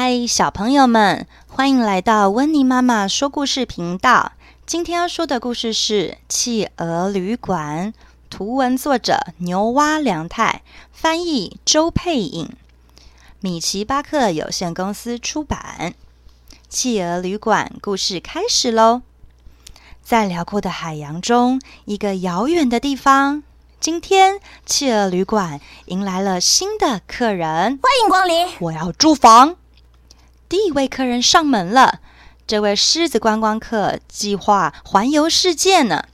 嗨，小朋友們，歡迎來到溫妮媽媽說故事頻道。今天要說的故事是《企鵝旅館》，圖文作者牛漥良太，翻譯周佩穎，米奇巴克有限公司出版。《企鵝旅館》故事開始嘍！在遼闊的海洋中，一個遙遠的地方，今天企鵝旅館迎來了新的客人。歡迎光臨，我要住房。第一位客人上門了。這位獅子觀光客計劃環遊世界呢。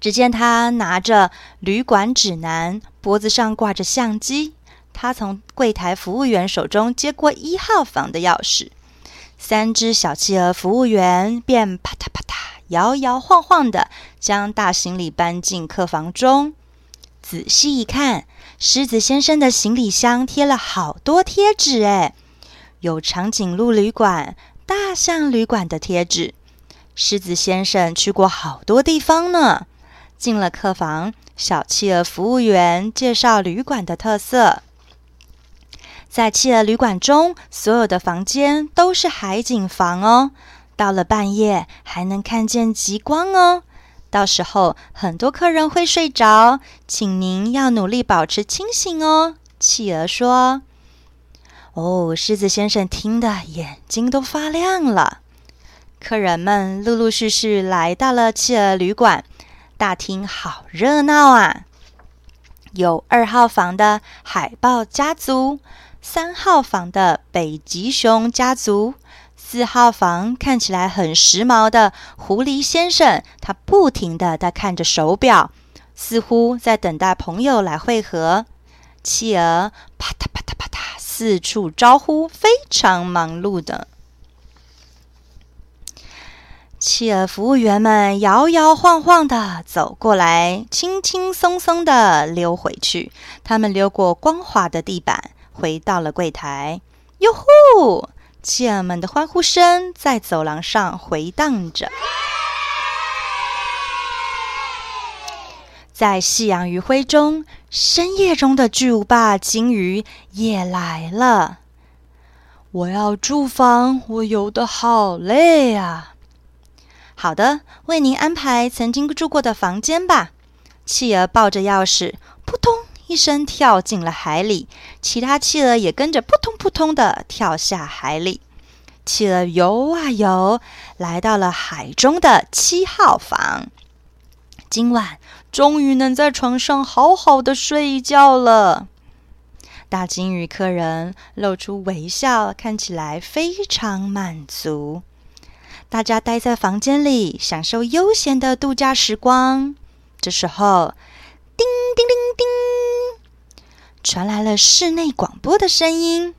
只見他拿着旅館指南，脖子上掛着相機。他從櫃檯服務員手中接過一號房的鑰匙，三隻小企鵝服務員便啪嗒啪嗒，搖搖晃晃地將大行李搬進客房中。仔細一看，獅子先生的行李箱貼了好多貼紙誒。哎。有長頸鹿旅館、大象旅館的貼紙。獅子先生去過好多地方呢。進了客房，小企鵝服務員介紹旅館的特色。在企鵝旅館中，所有的房間都是海景房哦。到了半夜還能看見極光哦。到時候很多客人會睡着，請您要努力保持清醒哦。企鵝說。哦，獅子先生聽得眼睛都發亮了。客人們陸陸續續來到了企鵝旅館，大廳好熱鬧啊！有二號房的海豹家族，三號房的北極熊家族，四號房看起來很時髦的狐狸先生，他不停地在看着手錶，似乎在等待朋友來會合。企鵝。四處招呼，非常忙碌的。企鵝服務員們搖搖晃晃的走過來，輕輕鬆鬆的溜回去。他們溜過光滑的地板，回到了櫃檯。喲呼！企鵝們的歡呼聲在走廊上迴盪着。在夕陽餘暉中。深夜中的巨無霸鯨魚也來了。我要住房，我遊得好累啊！好的，為您安排曾經住過的房間吧。企鵝抱着鑰匙，撲通一聲跳進了海裡。其他企鵝也跟着撲通撲通的跳下海裡。企鵝遊啊遊，來到了海中的七號房。今晚終於能在床上好好的睡一覺了。大鯨魚客人露出微笑，看起來非常滿足。大家待在房間裡，享受悠閒的度假時光。這時候，叮叮叮叮，傳來了室內廣播的聲音：“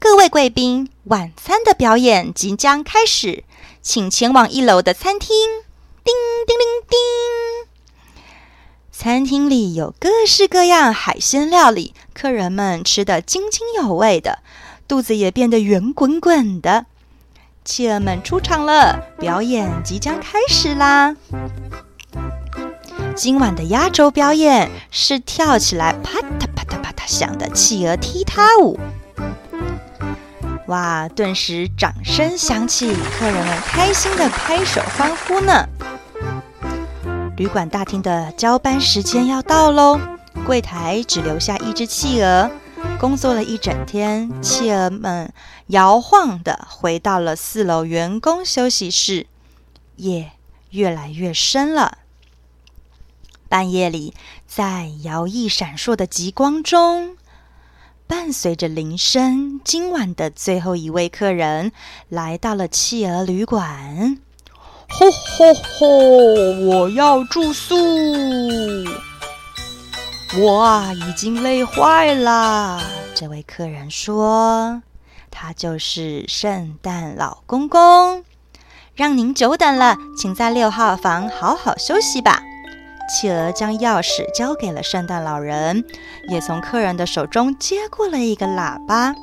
各位貴賓，晚餐的表演即將開始，請前往一樓的餐廳。”叮叮叮叮！餐廳裡有各式各樣海鮮料理，客人們吃得津津有味的，肚子也變得圓滾滾的。企鵝們出場了，表演即將開始啦！今晚的壓軸表演是跳起來啪嗒啪嗒啪嗒響的企鵝踢踏舞。哇！頓時掌聲響起，客人們開心的拍手歡呼呢。旅館大廳的交班時間要到嘍，櫃檯只留下一隻企鵝。工作了一整天，企鵝們搖晃地回到了四樓員工休息室。夜越來越深了，半夜裡，在搖曳閃爍的極光中，伴隨着鈴聲，今晚的最後一位客人來到了企鵝旅館。吼吼吼！我要住宿，我已經累壞了。這位客人說：“他就是聖誕老公公，讓您久等了，請在六號房好好休息吧。”企鵝將鑰匙交給了聖誕老人，也從客人的手中接過了一個喇叭。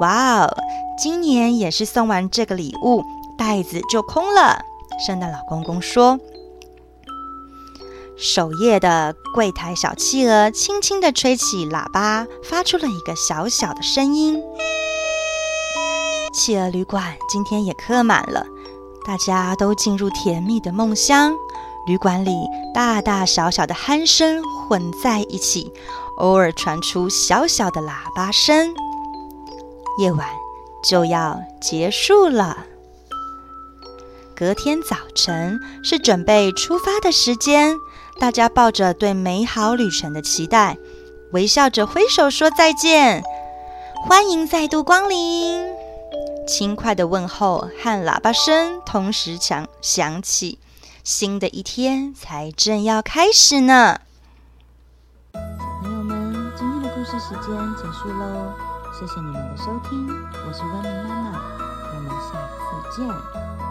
哇哦，今年也是送完這個禮物，袋子就空了。聖誕老公公說。守夜的櫃檯小企鵝輕輕地吹起喇叭，發出了一個小小的聲音。企鵝旅館今天也客滿了，大家都進入甜蜜的夢鄉。旅館裡大大小小的鼾聲混在一起，偶爾傳出小小的喇叭聲。夜晚就要結束了。隔天早晨是準備出發的時間，大家抱着對美好旅程的期待，微笑着揮手說再見，歡迎再度光臨。輕快的問候和喇叭聲同時響響起，新的一天才正要開始呢。小朋友們，今天的故事時間結束嘍，謝謝你們的收聽，我是溫妮媽媽，我們下次見。